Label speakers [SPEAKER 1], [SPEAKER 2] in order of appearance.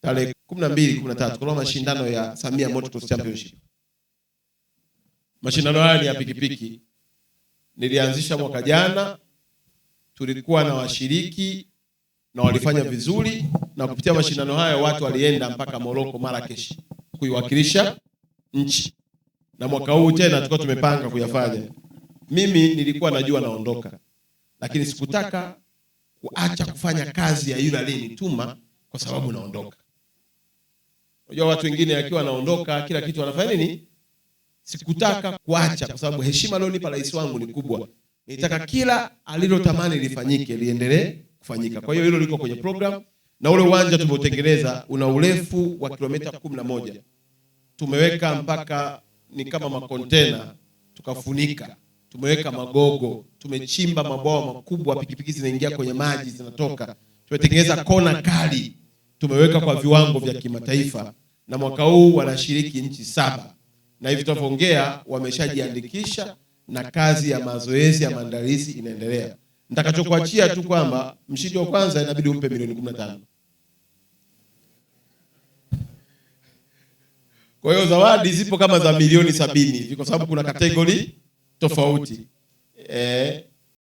[SPEAKER 1] tarehe 12 13 kuna mashindano ya Samia Motocross Championship. Mashindano haya ni ya pikipiki, nilianzisha mwaka jana, tulikuwa na washiriki na walifanya vizuri, na kupitia mashindano haya watu walienda mpaka Moroko, Marrakesh kuiwakilisha nchi, na mwaka huu tena tulikuwa tumepanga kuyafanya. Mimi nilikuwa najua naondoka, lakini sikutaka kuacha kufanya kazi ya yule aliyenituma kwa sababu naondoka. Unajua watu wengine akiwa anaondoka kila kitu anafanya nini? Sikutaka kuacha kwa sababu heshima alionipa rais wangu ni kubwa. Nitaka kila alilotamani lifanyike liendelee kufanyika. Kwa hiyo hilo liko kwenye program na ule uwanja tumeutengeneza una urefu wa kilomita kumi moja. Tumeweka mpaka ni kama makontena tukafunika, tumeweka magogo, tumechimba mabwawa makubwa, pikipiki zinaingia kwenye maji zinatoka, tumetengeneza kona kali tumeweka kwa viwango vya kimataifa, na mwaka huu wanashiriki nchi saba, na hivi tunavyoongea wameshajiandikisha na kazi ya mazoezi ya maandalizi inaendelea. Nitakachokuachia tu kwamba mshindi wa kwanza inabidi umpe milioni 15. Kwa hiyo zawadi zipo kama za milioni sabini hivi, kwa sababu kuna kategori tofauti eh.